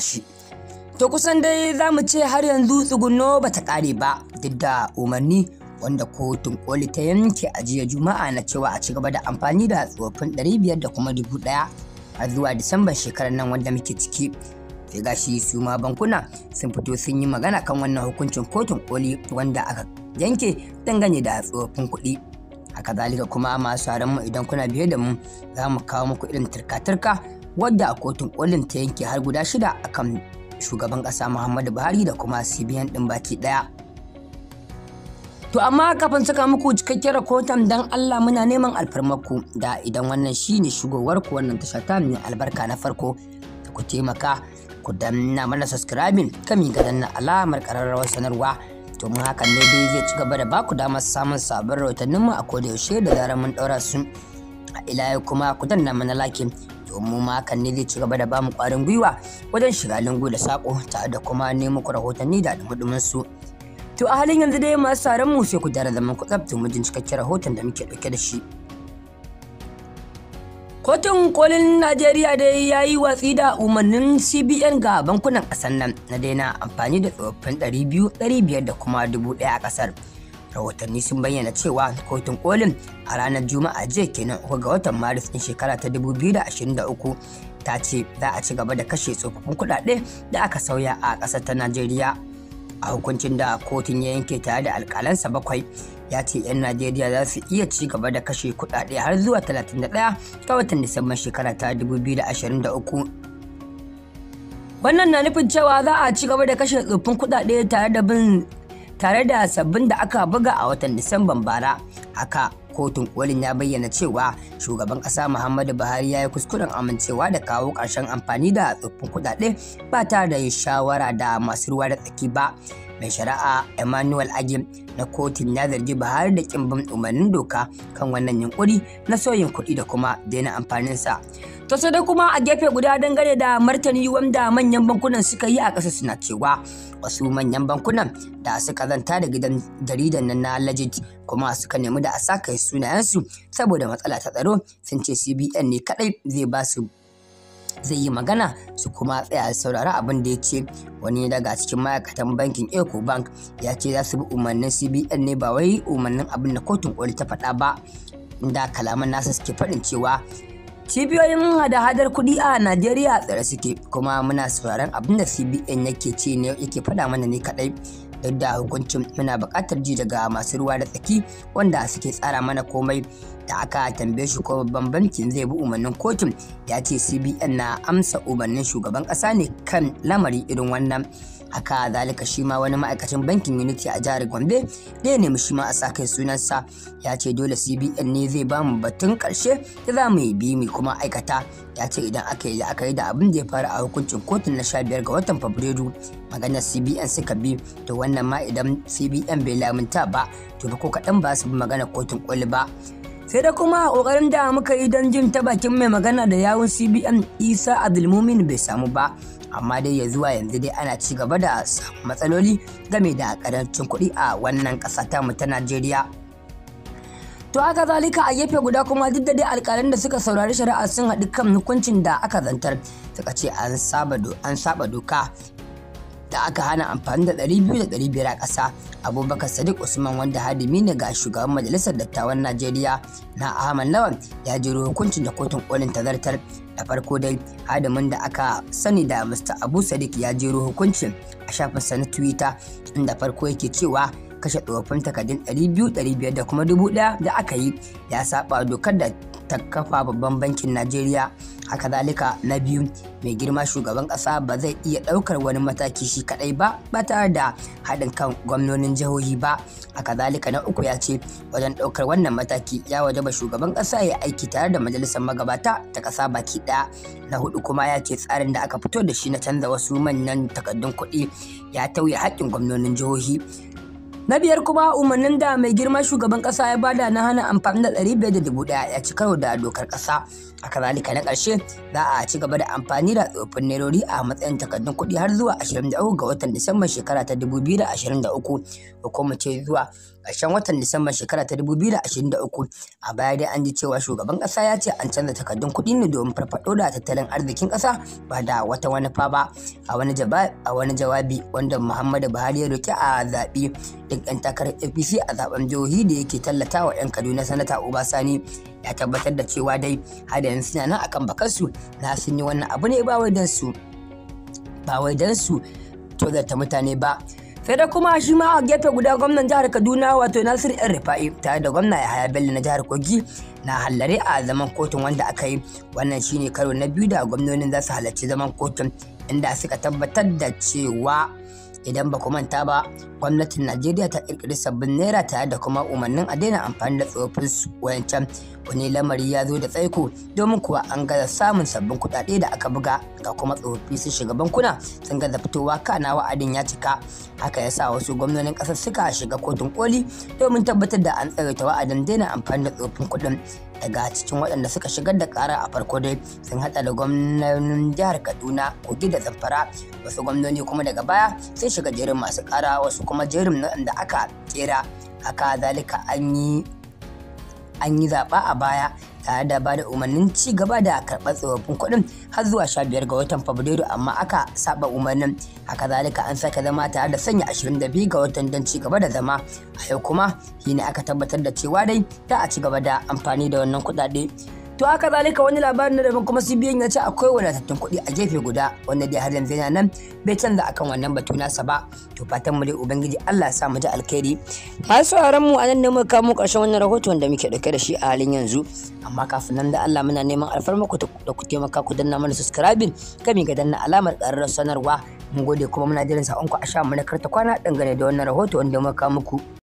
shi to kusan dai za mu ce har yanzu tsugunno ba ta ƙare ba duk da umarni wanda kotun koli ta yanke a jiya juma'a na cewa a ci gaba da amfani da ɗari 500 da kuma 1000 a zuwa Disambar shekarar nan wanda muke ciki sai gashi su ma bankuna sun fito sun yi magana kan wannan hukuncin kotun koli wanda aka yanke dangane da tsofin kuɗi haka zalika kuma masu haramun idan kuna biye da mu za mu kawo muku irin turka-turka wadda a kotun kolin ta yanke har guda shida akan shugaban kasa muhammadu buhari da kuma cbn din baki ɗaya to amma kafin saka muku cikakken rahoton dan allah muna neman alfarmaku da idan wannan shine shugowar ku wannan tasha ta mai albarka na farko da ku taimaka ku danna mana subscribing kami ga danna alamar ƙararrawar sanarwa To mun hakan ne dai zai ci gaba da baku damar samun sabon mu a kodayaushe da zarar mun daura su a ila kuma ku danna mana lakin domin mu ma hakan ne zai ci gaba da bamu kwarin gwiwa wajen shiga lingu da sako tare da kuma nemo ku rahotanni da dumudumin su to a halin yanzu dai masu taron mu sai ku dara zaman ku tsabtu mu jin cikakken rahoton da muke dauke da shi Kotun kolin Najeriya dai ya yi watsi da umarnin CBN ga bankunan ƙasar nan na daina amfani da tsofaffin ɗari biyar da kuma dubu ɗaya a ƙasar. rahotanni sun bayyana cewa kotun kolin a ranar juma'a jiya kenan uku ga watan maris din shekara ta 2023 ta ce za a ci gaba da kashe tsofaffin kuɗaɗe da aka sauya a ƙasar ta najeriya a hukuncin da kotun ya yanke tare da alƙalansa bakwai ya ce 'yan najeriya za su iya ci gaba da kashe kuɗaɗe har zuwa 31 ga watan disamban shekara ta 2023 wannan na nufin cewa za a ci gaba da kashe tsoffin kuɗaɗe tare da bin tare da sabbin da aka buga a watan Disamban bara. Haka kotun kolin ya bayyana cewa shugaban ƙasa Muhammadu Buhari ya yi kuskuren amincewa da kawo ƙarshen amfani da tsoffin kuɗaɗe ba tare da yin shawara da masu ruwa da tsaki ba. mai shari'a emmanuel agim na kotun ya zargi buhari da kimbin umarnin doka kan wannan yunkuri na sauyin kuɗi da kuma daina amfaninsa to sai dai kuma a gefe guda dangane da martani wanda manyan bankunan suka yi a ƙasa suna cewa wasu manyan bankunan da suka zanta da gidan jaridan nan na legit kuma suka nemi da a kai sunayensu saboda matsala ta tsaro sun ce cbn ne kadai zai ba su zai yi magana su kuma tsaya saurari abin da ya ce wani daga cikin ma'aikatan bankin eco bank ya ce za su bi umarnin cbn ne ba wai umarnin abin da kotun koli ta faɗa ba da kalaman nasa suke faɗin cewa cibiyoyin hada-hadar kuɗi a najeriya tsare suke kuma muna sauraron abin da cbn yake ce ne yake faɗa mana ne kaɗai duk da hukuncin muna buƙatar ji daga masu ruwa da tsaki wanda suke tsara mana komai da aka tambaye shi ko babban bankin zai bi umarnin kotun ya ce cbn na amsa umarnin shugaban ƙasa ne kan lamari irin wannan haka zalika shi ma wani ma'aikacin bankin unity a jihar gombe da ya nemi shi ma a sa sunansa ya ce dole cbn ne zai ba mu batun karshe da za mu yi bi mu kuma aikata ya ce idan aka yi yi da abin da ya faru a hukuncin kotun na sha 15 ga watan fabrairu maganar cbn suka bi to wannan ma idan cbn bai lamunta ba to ba ko kaɗan ba su bi maganar kotun koli ba sai da kuma ƙoƙarin da muka yi don jin ta bakin mai magana da yawun cbn isa abdulmumin bai samu ba amma dai ya zuwa yanzu dai ana ci gaba da matsaloli game da karancin kuɗi a wannan ƙasa tamu ta najeriya To haka zalika a gefe guda kuma duk da dai alƙalan da suka saurari shari'a sun haɗu kan hukuncin da aka zantar suka ce an saba an saba doka da aka hana amfani da 200 da a ƙasa abubakar sadiq usman wanda hadimi ne ga shugaban majalisar dattawan najeriya na ahmad lawan ya jiro hukuncin da kotun kolin ta zartar da farko dai hadimin da aka sani da mr abu sadiq ya jero hukuncin a shafinsa na twitter inda farko yake cewa kashe tsofaffin takardun 200,500 da kuma 1,000 da aka yi ya saba dokar da ta kafa babban bankin najeriya haka zalika na biyu mai girma shugaban kasa ba zai iya daukar wani mataki shi kadai ba ba tare da haɗin kan gwamnonin jihohi ba haka na uku ya ce wajen daukar wannan mataki ya waje ba shugaban kasa ya aiki tare da majalisar magabata ta kasa baki ɗaya. na hudu kuma ya ce tsarin da aka fito da shi na canza wasu manyan takaddun kuɗi ya tauye haƙƙin gwamnonin jihohi na biyar kuma umarnin da mai girma shugaban kasa ya bada na hana amfani da ɗari biyar da dubu ɗaya ya ci karo da dokar kasa a kazalika na ƙarshe za a ci gaba da amfani da tsofin nerori a matsayin takardun kuɗi har zuwa 23 ga watan disamban shekara ta 2023 ko kuma ce zuwa ƙarshen watan Disamba shekara ta 2023 a baya dai an ji cewa shugaban ƙasa ya ce an canza takardun kuɗi ne domin farfaɗo da tattalin arzikin ƙasa ba da wata wani fa ba a wani jawabi wanda Muhammadu Buhari ya roki a zaɓi duk 'yan takarar APC a zaben jihohi da yake tallata wa 'yan Kaduna sanata uba sani ya tabbatar da cewa dai har yanzu suna nan akan bakansu na sun yi wannan abu ne ba wai don su ba wai don su tozarta mutane ba sai da kuma shi ma a gefe guda gwamnan jihar kaduna wato nasir yan rufa'i tare da gwamna yahaya bello na jihar kogi na hallare a zaman kotun wanda aka yi wannan shine karo na biyu da gwamnonin za su halarci zaman kotun inda suka tabbatar da cewa idan ba ku manta ba gwamnatin najeriya ta kirkiri sabbin naira tare da kuma umarnin a daina amfani da tsofin wayancan wani lamari ya zo da tsaiko domin kuwa an gaza samun sabbin kuɗaɗe da aka buga ga kuma tsofaffi sun shiga bankuna sun gaza fitowa kana wa'adin ya cika haka ya sa wasu gwamnonin ƙasar suka shiga kotun koli domin tabbatar da an tsawaita wa'adin daina amfani da tsofin kuɗin daga cikin waɗanda suka shigar da ƙara a farko dai sun haɗa da gwamnonin jihar kaduna kogi da zamfara wasu gwamnoni kuma daga baya sun shiga jerin masu ƙara wasu kuma jerin waɗanda aka tsera haka zalika an yi an yi zaɓa a baya tare da ba da umarnin ci gaba da karɓar tsofaffin kuɗin har zuwa sha biyar ga watan fabrairu amma aka saba umarnin haka zalika an sake zama tare da sanya ashirin da biyu ga watan don ci gaba da zama a yau kuma shine aka tabbatar da cewa dai za a ci gaba da amfani da wannan kuɗaɗe to haka zalika wani labarin na daban kuma cbn ya ce akwai wadatattun kuɗi a gefe guda wanda dai har yanzu yana nan bai canza akan wannan batu nasa ba to fatan mu dai ubangiji allah ya sa mu ji alkhairi masu sauraron mu a nan ne muka kawo ƙarshen wannan rahoton da muke ɗauke da shi a halin yanzu amma kafin nan da allah muna neman alfarmako da ku taimaka ku danna mana subscribing kami ga danna alamar ƙarar sanarwa mun gode kuma muna jiran sa'onku a sha mu na karta kwana dangane da wannan rahoto wanda muka muku